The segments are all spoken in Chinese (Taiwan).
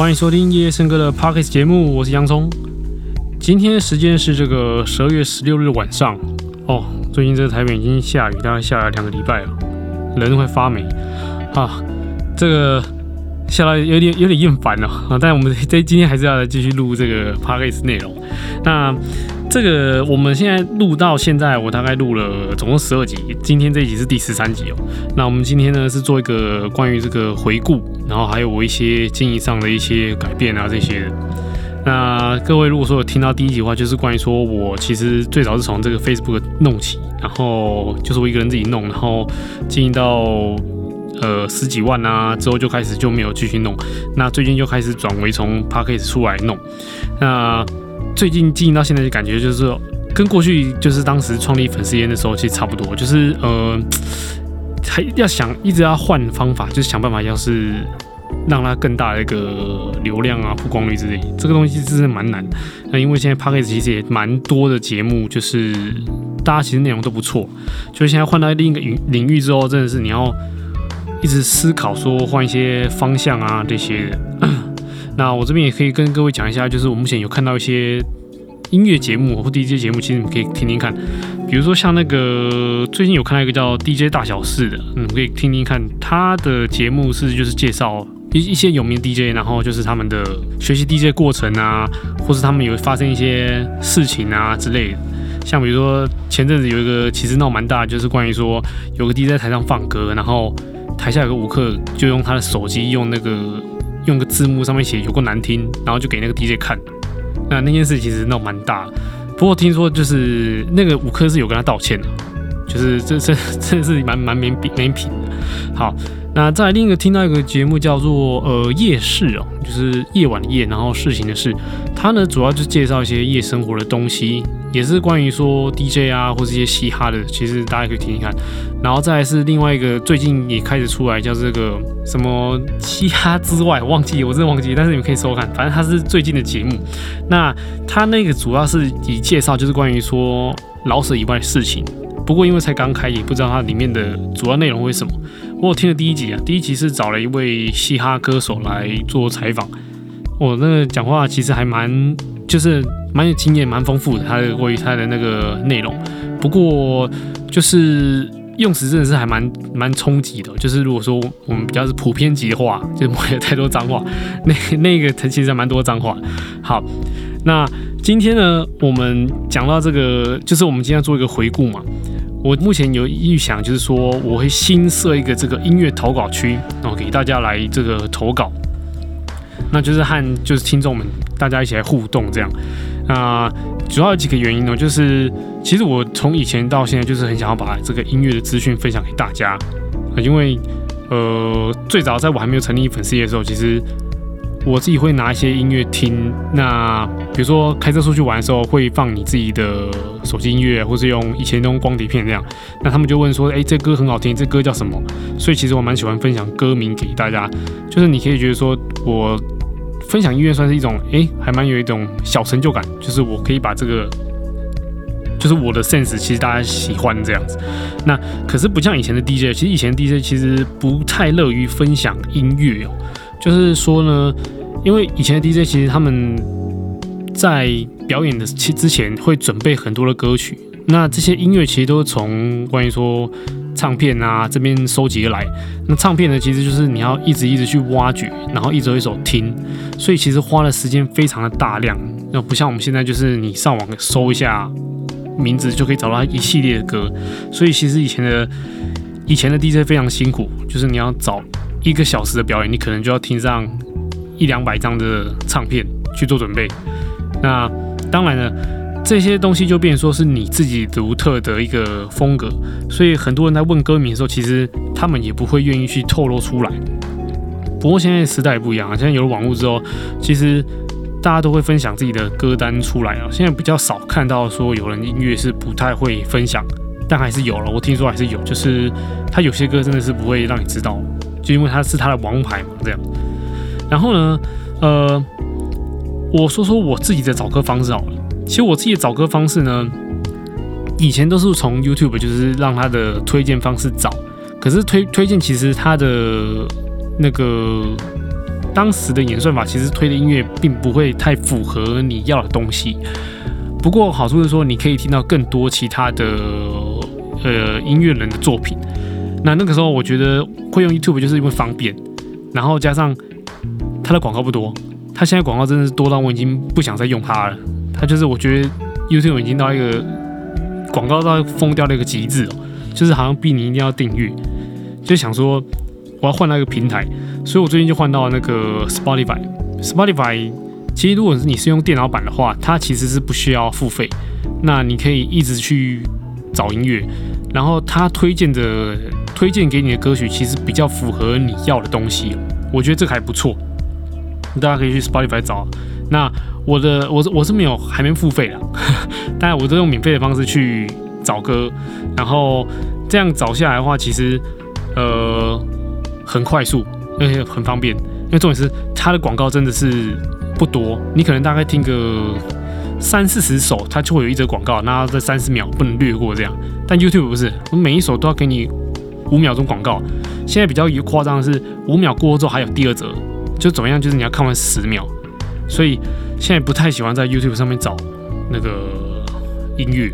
歡迎收聽夜夜生歌的 Podcast 節目，我是洋蔥。今天時間是這個十二月十六日晚上哦。最近這個台北已經下雨，大概下了兩個禮拜了，人會發霉啊。這個下來有點有點厭煩了、哦、啊，但我們這今天還是要繼續錄這個 Podcast 內容。那。這個我們現在錄到現在，我大概錄了總共十二集，今天這一集是第十三集哦。那我們今天呢是做一個關於這個回顧，然後還有我一些經營上的一些改變啊這些。那各位如果說有聽到第一集的話，就是關於說我其實最早是從這個 Facebook 弄起，然後就是我一個人自己弄，然後經營到呃十幾萬啊之後就開始就沒有繼續弄，那最近就開始轉為從 Podcast 出來弄，那。最近進到現在的感覺，就是跟過去就是當時創立粉絲煙的時候其實差不多，就是呃還要想一直要換方法，就是想辦法，要是讓它更大的一個流量啊、曝光率之類，這個東西真是蠻難。那因為現在 Podcast 其實也蠻多的節目，就是大家其實內容都不錯，就現在換到另一個領領域之後，真的是你要一直思考說換一些方向啊這些。那我這邊也可以跟各位講一下，就是我目前有看到一些音樂節目或 DJ 節目，其實你可以聽聽看。比如說像那個最近有看到一個叫 DJ 大小事的，嗯，可以聽聽看。他的節目是就是介紹一一些有名 DJ，然後就是他們的學習 DJ 過程啊，或是他們有發生一些事情啊之類的。像比如說前陣子有一個其實鬧蠻大，就是關於說有個 DJ 在台上放歌，然後台下有個舞客就用他的手機用那個。用個字幕上面寫，有夠難聽，然後就給那個 DJ 看。那那件事其實鬧蠻大，不過聽說就是那個五棵是有跟他道歉的，就是這是這真是蠻蠻沒品沒品的。好。那再另一個聽到一個節目叫做呃夜市哦、喔，就是夜晚的夜，然後事情的事，它呢主要就介紹一些夜生活的東西，也是關於說 DJ 啊或是一些嘻哈的，其實大家可以聽聽看。然後再來是另外一個最近也開始出來叫這個什麼嘻哈之外，忘記，我真的忘記，但是你們可以收看，反正它是最近的節目。那它那個主要是以介紹就是關於說老舍以外的事情，不過因為才剛開，也不知道它裡面的主要內容會是什麼。我聽了第一集啊，第一集是找了一位嘻哈歌手來做採訪，我、哦、那個講話其實還蠻，就是蠻有經驗、蠻豐富的，他的關於他的那個內容，不過就是用詞真的是還蠻蠻衝擊的，就是如果說我們比較是普遍級的話，就不會有太多髒話，那那個他其實還蠻多髒話。好，那今天呢，我們講到這個，就是我們今天要做一個回顧嘛。我目前有預想，就是說我會新設一個這個音樂投稿區，然後給大家來這個投稿，那就是和就是聽眾們大家一起來互動這樣。那主要有幾個原因呢，就是其實我從以前到現在，就是很想要把這個音樂的資訊分享給大家，因為呃，最早在我還沒有成立粉絲頁的時候，其實。我自己會拿一些音樂聽，那比如說開車出去玩的時候會放你自己的手機音樂，或是用以前那種光碟片那樣。那他們就問說：“欸，這歌很好聽，這歌叫什麼？”所以其實我蠻喜歡分享歌名給大家，就是你可以覺得說我分享音樂算是一種，欸，還蠻有一種小成就感，就是我可以把這個，就是我的 sense 其實大家喜歡這樣子。那可是不像以前的 DJ，其實以前的 DJ 其實不太樂於分享音樂哦。就是說呢，因為以前的 DJ 其實他們在表演的其之前會準備很多的歌曲，那這些音樂其實都是從關於說唱片啊這邊收集而來。那唱片呢，其實就是你要一直一直去挖掘，然後一首一首聽，所以其實花的時間非常的大量。那不像我們現在，就是你上網搜一下名字就可以找到一系列的歌。所以其實以前的以前的 DJ 非常辛苦，就是你要找，一個小時的表演，你可能就要聽上一兩百張的唱片去做準備。那當然呢，這些東西就變成說是你自己獨特的一個風格。所以很多人在問歌名的時候，其實他們也不會願意去透露出來。不過現在時代不一樣了，現在有了網絡之後，其實大家都會分享自己的歌單出來啊。現在比較少看到說有人音樂是不太會分享，但還是有了。我聽說還是有，就是他有些歌真的是不會讓你知道。就因為他是他的王牌嘛，這樣。然後呢，呃，我說說我自己的找歌方式好了。其實我自己的找歌方式呢，以前都是從 YouTube，就是讓他的推薦方式找。可是，推推薦其實他的那個當時的演算法，其實推的音樂並不會太符合你要的東西。不過好處是說，你可以聽到更多其他的呃音樂人的作品。那那個時候，我覺得會用 YouTube 就是因為方便，然後加上它的廣告不多。它現在廣告真的是多到我已經不想再用它了。它就是我覺得 YouTube 已經到一個廣告到瘋掉的一個極致，就是好像逼你一定要訂閱。就想說我要換到一個平台，所以我最近就換到那個 Spotify。Spotify 其實如果你是用電腦版的話，它其實是不需要付費，那你可以一直去找音樂，然後它推薦的。推薦給你的歌曲其實比較符合你要的東西，哦，我覺得這個還不錯。大家可以去 Spotify 找啊。那我的我是我是沒有還沒付費的，但我都用免費的方式去找歌。然後這樣找下來的話，其實呃很快速，而且很方便。因為重點是它的廣告真的是不多，你可能大概聽個三四十首，它就會有一則廣告，那這三十秒不能略過這樣。但 YouTube 不是，我每一首都要給你。五秒鐘廣告，現在比較誇張的是，五秒過後之後還有第二折，就怎麼樣？就是你要看完十秒。所以現在不太喜歡在 YouTube 上面找那個音樂。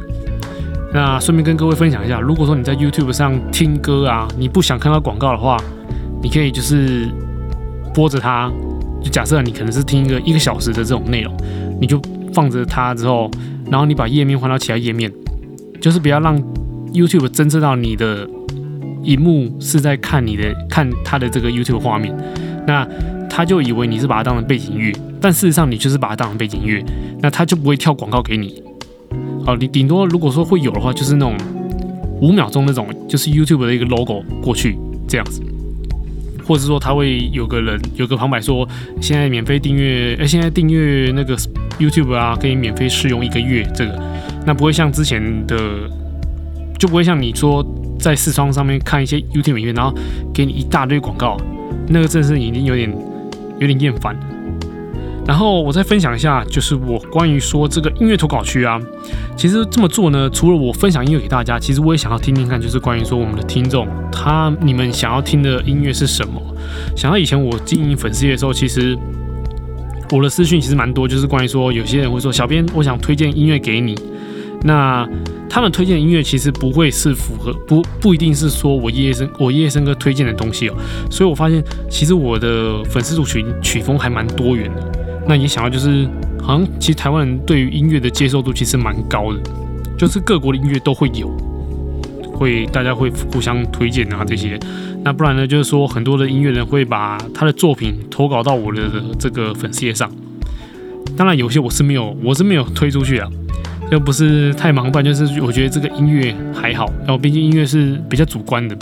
那順便跟各位分享一下，如果說你在 YouTube 上聽歌啊，你不想看到廣告的話，你可以就是播着它。就假設你可能是聽一個一個小時的這種內容，你就放着它之後，然後你把頁面換到其他頁面，就是不要讓 YouTube 偵測到你的。熒幕是在看你的，看他的這個 YouTube 畫面，那他就以為你是把它當成背景音樂，但事實上你就是把它當成背景音樂，那他就不會跳廣告給你。好，你頂多如果說會有的話，就是那種五秒鐘那種，就是 YouTube 的一個 logo 過去這樣子，或者是說他會有個人有個旁白說，現在免費訂閱，誒、欸，現在訂閱那個 YouTube 啊，可以免費試用一個月，這個，那不會像之前的，就不會像你說。在視窗上面看一些 YouTube 影片，然後給你一大堆廣告，那個真是已經有點有點厭煩。然後我再分享一下，就是我關於說這個音樂投稿區啊，其實這麼做呢，除了我分享音樂給大家，其實我也想要聽聽看，就是關於說我們的聽眾他你們想要聽的音樂是什麼？想到以前我經營粉絲頁的時候，其實我的私訊其實蠻多，就是關於說有些人會說，小編我想推薦音樂給你。那他們推薦的音樂其實不會是符合，不不一定是說我夜夜生我夜夜生歌推薦的東西哦。所以我發現，其實我的粉絲族群曲風還蠻多元的。那也想要就是，好、嗯、像其實台灣人對於音樂的接受度其實蠻高的，就是各國的音樂都會有，會大家會互相推薦啊這些。那不然呢，就是說很多的音樂人會把他的作品投稿到我的這個粉絲頁上。當然有些我是沒有，我是沒有推出去啊。又不是太忙斷，不然就是我覺得這個音樂還好，然後畢竟音樂是比較主觀的，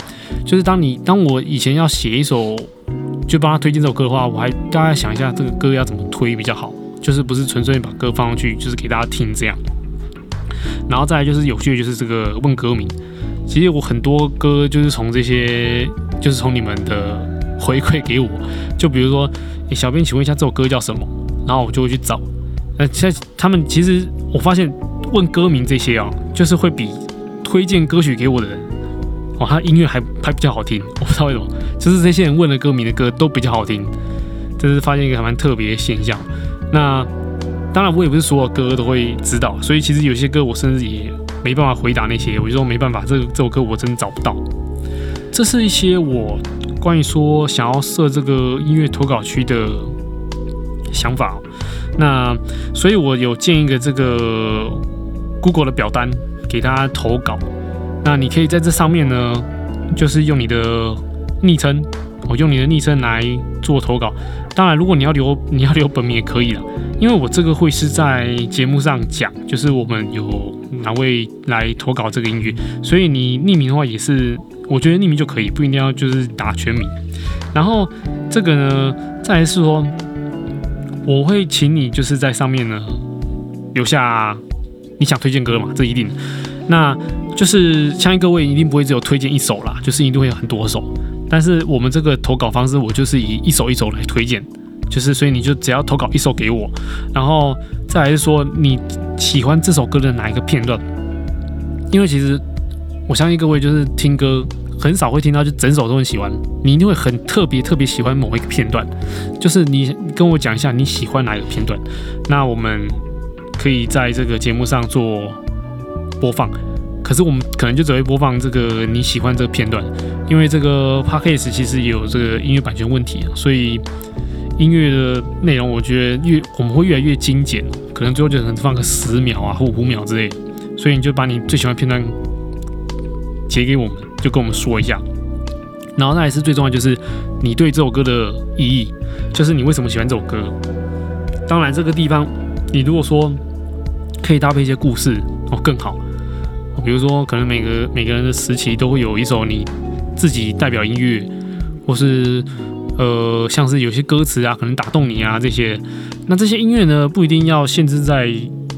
就是當你當我以前要寫一首，就幫他推薦這首歌的話，我還大概想一下這個歌要怎麼推比較好，就是不是純粹把歌放上去，就是給大家聽這樣。然後再來就是有趣的，就是這個問歌名，其實我很多歌就是從這些，就是從你們的回饋給我，就比如說，欸、小編，請問一下這首歌叫什麼？然後我就會去找。那、呃、現在他們其實我發現。問歌名這些啊、哦，就是會比推薦歌曲給我的人，哇，他音樂還還比較好聽，我不知道為什麼，就是這些人問的歌名的歌都比較好聽，這是發現一個還蠻特別的現象。那當然，我也不是所有歌都會知道，所以其實有些歌我甚至也沒辦法回答那些，我就說沒辦法，這個這首歌我真的找不到。這是一些我關於說想要設這個音樂投稿區的想法。那所以我有建一個這個。Google 的表單給大家投稿，那你可以在這上面呢，就是用你的昵稱，我、哦、用你的昵稱來做投稿。當然，如果你要留，你要留本名也可以了，因為我這個會是在節目上講，就是我們有哪位來投稿這個音樂，所以你匿名的話也是，我覺得匿名就可以，不一定要就是打全名。然後這個呢，再來是說，我會請你就是在上面呢留下。你想推薦歌嘛，這一定，那就是相信各位一定不會只有推薦一首啦，就是一定會有很多首。但是我們這個投稿方式，我就是以一首一首來推薦，就是所以你就只要投稿一首給我，然後再來是說你喜歡這首歌的哪一個片段。因為其實我相信各位就是聽歌很少會聽到就整首都很喜歡，你一定會很特別特別喜歡某一個片段，就是你跟我講一下你喜歡哪一個片段，那我們。可以在這個節目上做播放，可是我們可能就只會播放這個你喜歡的這個片段，因為這個 podcast 其實也有這個音樂版權問題，所以音樂的內容我覺得越我們會越來越精簡，可能最後就能放個十秒啊或五秒之類的，所以你就把你最喜歡的片段截給我們，就跟我們說一下，然後那也是最重要，就是你對這首歌的意義，就是你為什麼喜歡這首歌。當然這個地方，你如果說。可以搭配一些故事哦，更好。比如說，可能每個每個人的時期都會有一首你自己代表音樂，或是呃，像是有些歌詞啊，可能打動你啊這些。那這些音樂呢，不一定要限制在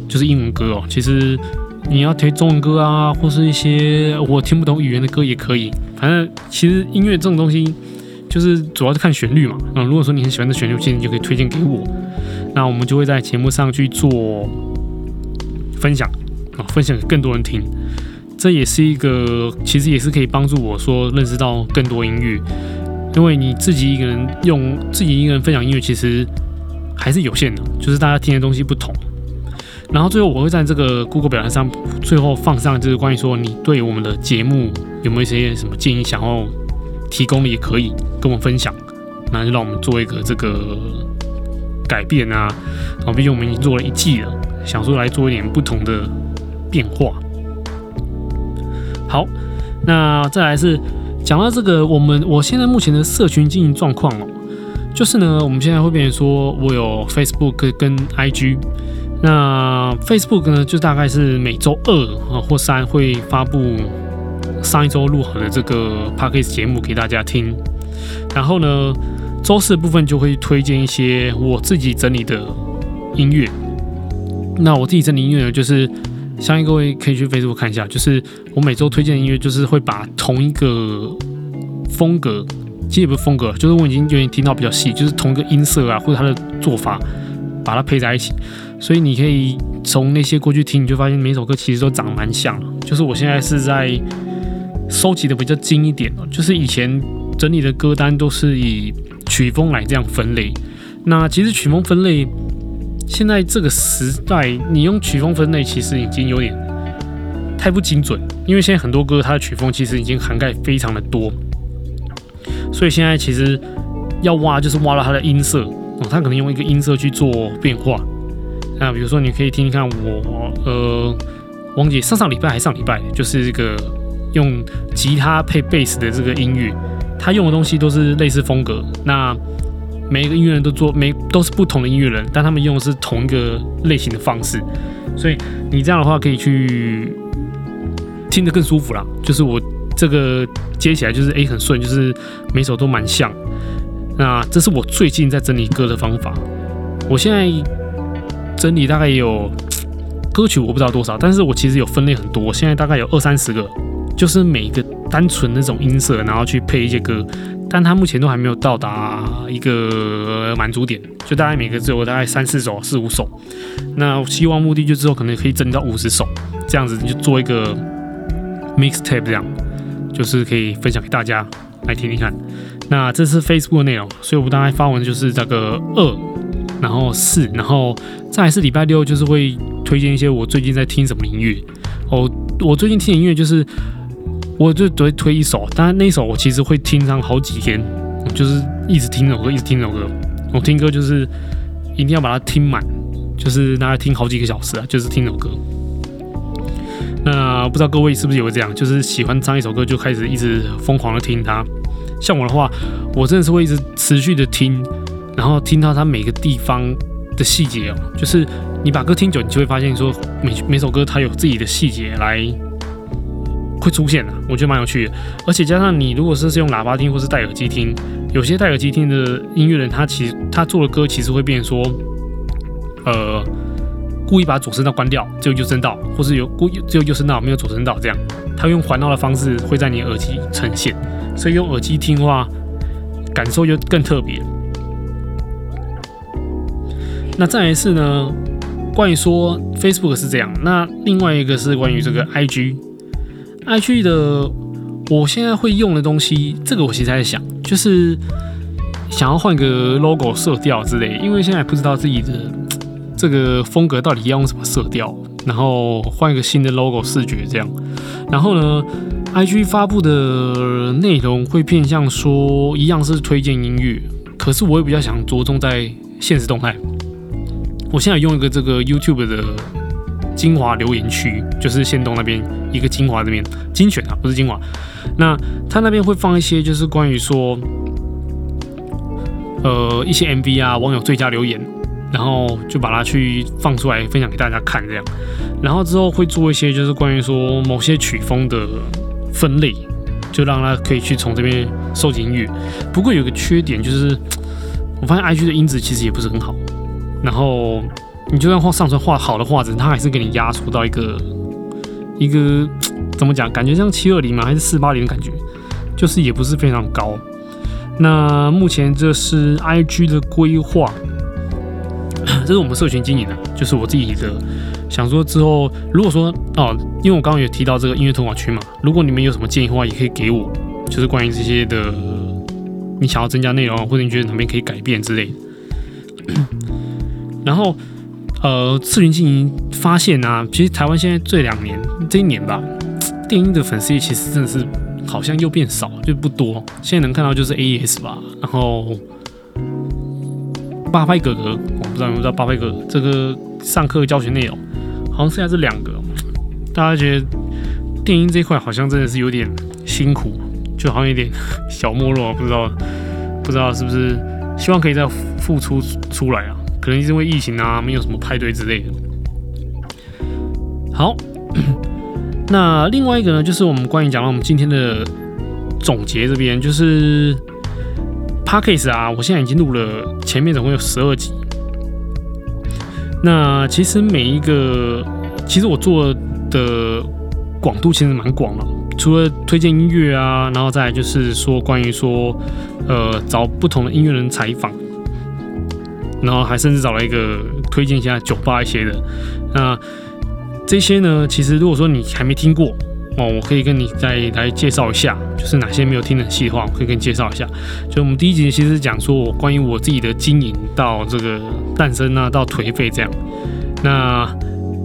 就是英文歌哦。其實你要推中文歌啊，或是一些我聽不懂語言的歌也可以。反正其實音樂這種東西，就是主要是看旋律嘛。那如果說你很喜歡的旋律，其實你就可以推薦給我，那我們就會在節目上去做分享啊，分享給更多人聽，這也是一個，其實也是可以幫助我說認識到更多音樂，因為你自己一個人用自己一個人分享音樂，其實還是有限的，就是大家聽的東西不同。然後最後我會在這個 Google 表單上最後放上，就是關於說你對我們的節目有沒有一些什麼建議，想要提供的也可以跟我們分享，那就讓我們做一個這個改變啊。然後啊，畢竟我們已經做了一季了。想說來做一點不同的變化。好，那再來是講到這個，我們我現在目前的社群經營狀況哦，就是呢，我們現在會變成說我有 Facebook 跟 IG，那 Facebook 呢就大概是每週二啊或三會發布上一週錄好的這個 Podcast 節目給大家聽，然後呢週四的部分就會推薦一些我自己整理的音樂。那我自己整理音樂，就是相信各位可以去 Facebook 看一下，就是我每周推薦的音樂，就是會把同一個風格，其實也不是風格，就是我已經願意聽到比較細，就是同一個音色啊，或者它的做法，把它配在一起。所以你可以從那些過去聽，你就發現每首歌其實都長得蠻像。就是我現在是在收集的比較精一點了，就是以前整理的歌單都是以曲風來這樣分類。那其實曲風分類。現在這個時代，你用曲風分類其實已經有點太不精準，因為現在很多歌它的曲風其實已經涵蓋非常的多，所以現在其實要挖就是挖到它的音色哦，它可能用一個音色去做變化。那比如說，你可以聽聽看我呃，忘記上上禮拜還上禮拜，就是這個用吉他配貝斯的這個音樂，他用的東西都是類似風格。那每一個音樂人都做每都是不同的音樂人，但他們用的是同一個類型的方式，所以你這樣的話可以去聽得更舒服啦。就是我這個接起來就是 A 很順，就是每首都蠻像。那這是我最近在整理歌的方法。我現在整理大概也有歌曲，我不知道多少，但是我其實有分類很多，我現在大概有二三十個。就是每一個單純那種音色，然後去配一些歌，但它目前都還沒有到達一個滿足點，就大概每個只有大概三四首、四五首。那我希望目的就之後可能可以增到五十首，這樣子你就做一個 mixtape 這樣，就是可以分享給大家來聽聽看。那這是 Facebook 內容，所以我們大概發文就是這個二，然後四，然後再來是禮拜六就是會推薦一些我最近在聽什麼音樂哦，我最近聽的音樂就是。我就只會推一首，但那一首我其實會聽上好幾天，我就是一直聽這首歌，一直聽這首歌。我聽歌就是一定要把它聽滿，就是大概聽好幾個小時啊，就是聽這首歌。那不知道各位是不是也會這樣，就是喜歡唱一首歌就開始一直瘋狂的聽它。像我的話，我真的是會一直持續的聽，然後聽到它每個地方的細節哦。就是你把歌聽久，你就會發現說每，每每首歌它有自己的細節來。會出現的、啊，我覺得蠻有趣的，而且加上你如果說是用喇叭聽或是戴耳機聽，有些戴耳機聽的音樂人，他其實他做的歌其實會變成說，呃，故意把左聲道關掉，就就右聲道，或是有故意只有右聲道沒有左聲道這樣，他用環繞的方式會在你耳機呈現，所以用耳機聽的話感受就更特別。那再來是呢，關於說 Facebook 是這樣，那另外一個是關於這個 IG。I G 的我現在會用的東西，這個我其實在想，就是想要換個 logo 色調之類，因為現在不知道自己的這個風格到底要用什麼色調，然後換一個新的 logo 視覺這樣。然後呢，I G 發布的內容會偏向說一樣是推薦音樂，可是我也比較想着重在限時動態。我現在用一個這個 YouTube 的。精華留言區就是限動那邊一個精華這邊精選啊，不是精華。那他那邊會放一些，就是關於說，呃，一些 MV 啊，網友最佳留言，然後就把它去放出來分享給大家看這樣。然後之後會做一些，就是關於說某些曲風的分類，就讓他可以去從這邊收集音樂。不過有個缺點就是，我發現 IG 的音質其實也不是很好。然後。你就算畫上傳，畫好的畫質，它還是給你壓縮到一個一個怎麼講？感覺像七二零嗎？還是四八零的感覺，就是也不是非常高。那目前這是 IG 的規劃，這是我們社群經營的、啊，就是我自己的想說之後，如果說哦，因為我剛剛有提到這個音樂投稿區嘛，如果你們有什麼建議的話，也可以給我，就是關於這些的，你想要增加內容，或者你覺得哪邊可以改變之類的，然後。呃，次頻經營發現啊，其實台灣現在這兩年、這一年吧，電音的粉絲其實真的是好像又變少了，就不多。現在能看到就是 AES 吧，然後八拍哥哥，我不知道你們知道八拍哥哥這個上課教學內容，好像剩下這兩個。大家覺得電音這一塊好像真的是有點辛苦，就好像有點小沒落啊，不知道，不知道是不是希望可以再復出出來啊。可能是因為疫情啊，沒有什麼派對之類的。好， 那另外一個呢，就是我們關於講了我們今天的總結這邊，就是 Podcast 啊，我現在已經錄了前面總共有十二集。那其實每一個，其實我做的廣度其實蠻廣的，除了推薦音樂啊，然後再就是說關於說呃，找不同的音樂人採訪。然後還甚至找了一個推薦一下酒吧一些的。那這些呢，其實如果說你還沒聽過哦，我可以跟你再來介紹一下，就是哪些沒有聽的戲的話，我可以跟你介紹一下。就我們第一集其實講說我關於我自己的經營到這個誕生，啊，那到頹廢這樣。那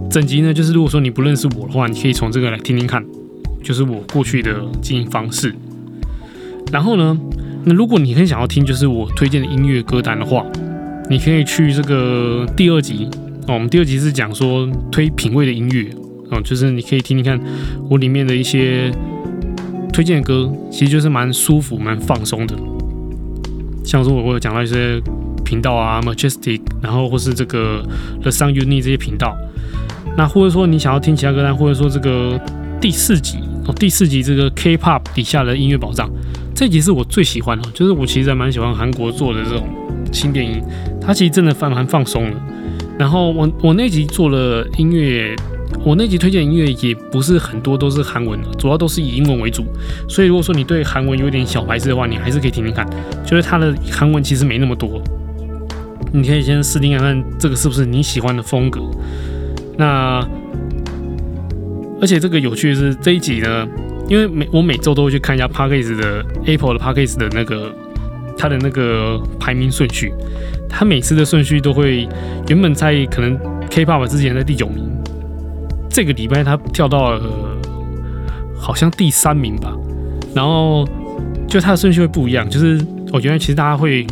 整集呢，就是如果說你不認識我的話，你可以從這個來聽聽看，就是我過去的經營方式。然後呢，那如果你很想要聽就是我推薦的音樂歌單的話，你可以去這個第二集哦，我們第二集是講說推品味的音樂。嗯，就是你可以聽聽看我裡面的一些推薦歌，其實就是蠻舒服蠻放鬆的。像說我我有講到一些頻道啊，Majestic，然後或是這個 The Sound You Need 這些頻道。那或者說你想要聽其他歌單，或者說這個第四集哦，第四集這個 K-pop 底下的音樂寶藏，這集是我最喜歡的，就是我其實還蠻喜歡韓國做的這種新電音。他其實真的蠻蠻放鬆的，然後我我那集做了音樂，我那集推薦音樂也不是很多，都是韓文的，主要都是以英文為主。所以如果說你對韓文有點小排斥的話，你還是可以聽聽看，就是它的韓文其實沒那麼多，你可以先試聽看看這個是不是你喜歡的風格。那而且這個有趣的是這一集呢，因為每我每周都會去看一下 Podcast 的 Apple 的 Podcast 的那個它的那個排名順序。他每次的順序都會，原本在可能 K-pop 之前在第九名，這個禮拜他跳到了、呃、好像第三名吧，然後就他的順序會不一樣，就是我覺得其實大家會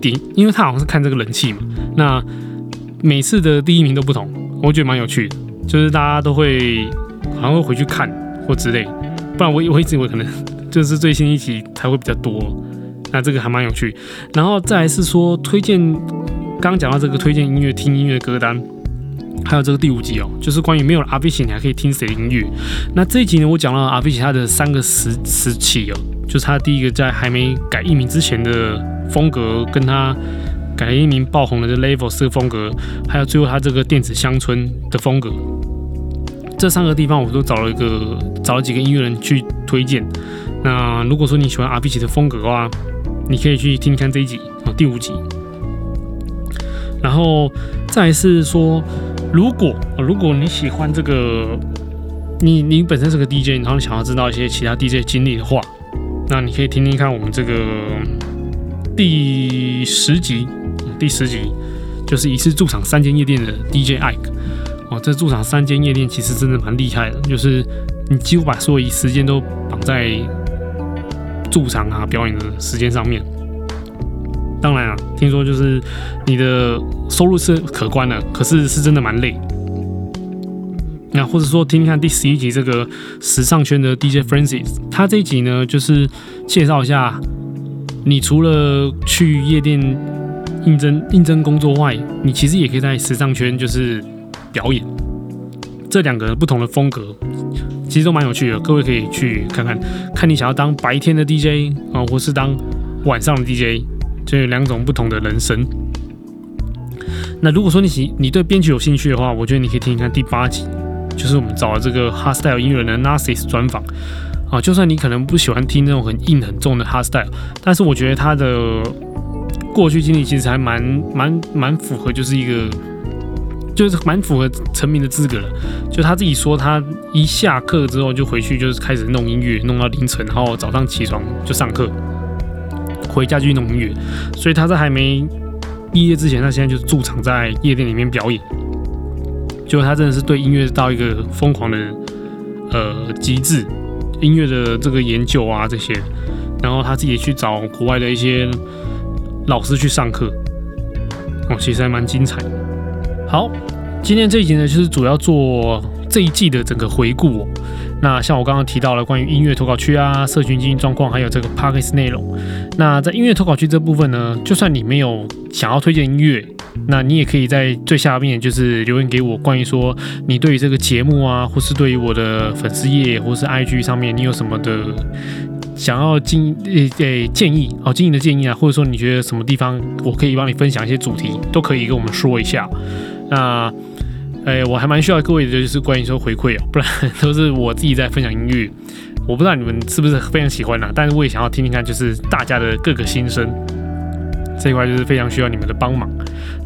點，因為他好像是看這個人氣嘛，那每次的第一名都不同，我覺得蠻有趣的，就是大家都會好像會回去看或之類，不然我我一直以為可能就是最新一期才會比較多。那這個還蠻有趣，然後再來是說推薦，剛剛講到這個推薦音樂聽音樂的歌單，還有這個第五集哦、喔，就是關於沒有 Avicii 你還可以聽誰的音樂。那這一集呢，我講了 Avicii 他的三個時時期哦，就是他第一個在還沒改藝名之前的風格，跟他改藝名爆紅的 Levels 風格，還有最後他這個電子鄉村的風格。這三個地方我都找了一個，找了幾個音樂人去推薦。那如果說你喜歡阿 p 奇的風格的話，你可以去聽聽看這一集啊、哦，第五集。然後再是說，如果、哦、如果你喜歡這個，你你本身是個 DJ，然後想要知道一些其他 DJ 經歷的話，那你可以聽聽看我們這個第十集，第十集就是一次駐場三間夜店的 DJ 艾歌。哦，這駐場三間夜店其實真的蠻厲害的，就是你幾乎把所有時間都綁在駐場啊表演的時間上面。當然啊，聽說就是你的收入是可觀的，可是是真的蠻累。那或者說，聽聽看第十一集這個時尚圈的 DJ Francis，他這一集呢就是介紹一下，你除了去夜店應徵應徵工作外，你其實也可以在時尚圈就是。表演這兩個不同的風格，其實都蠻有趣的。各位可以去看看，看你想要當白天的 DJ 啊，或是當晚上的 DJ，就有兩種不同的人生。那如果說你喜，你對編曲有興趣的話，我覺得你可以聽聽看第八集，就是我們找的這個 Hardstyle 音樂人的 Narciss 專訪啊。就算你可能不喜歡聽那種很硬很重的 Hardstyle，但是我覺得他的過去經歷其實還蠻蠻蠻，蠻符合，就是一個。就是蠻符合成名的資格了。就他自己說，他一下課之後就回去，就是開始弄音樂，弄到凌晨，然後早上起床就上課，回家去弄音樂。所以他在還沒畢業之前，他現在就是駐場在夜店裡面表演。就他真的是對音樂到一個瘋狂的呃極致，音樂的這個研究啊這些，然後他自己去找國外的一些老師去上課，哦，其實還蠻精彩的。好，今天這一集呢，就是主要做這一季的整個回顧喔。那像我剛剛提到了關於音樂投稿區啊，社群經營狀況，還有這個 podcast 內容。那在音樂投稿區這部分呢，就算你沒有想要推薦音樂，那你也可以在最下面就是留言給我，關於說你對於這個節目啊，或是對於我的粉絲頁，或是 IG 上面你有什麼的想要經、欸欸、建議，好、哦、經營的建議啊，或者說你覺得什麼地方我可以幫你分享一些主題，都可以跟我們說一下。那，哎，我還蠻需要各位的，就是關於說回饋哦，不然都是我自己在分享音樂，我不知道你們是不是非常喜歡啊，但是我也想要聽聽看，就是大家的各個心聲，這一塊就是非常需要你們的幫忙。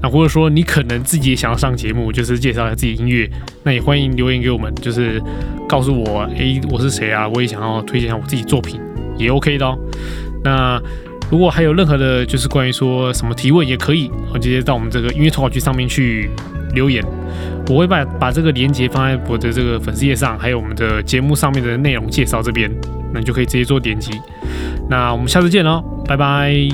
那或者說你可能自己也想要上節目，就是介紹自己音樂，那也歡迎留言給我們，就是告訴我，哎，我是誰啊？我也想要推薦一下我自己作品，也 OK 的哦。那如果還有任何的，就是關於說什麼提問也可以，我直接到我們這個音樂投稿區上面去留言，我會把把這個鏈接放在我的這個粉絲頁上，還有我們的節目上面的內容介紹這邊，那你就可以直接做點擊。那我們下次見咯，拜拜。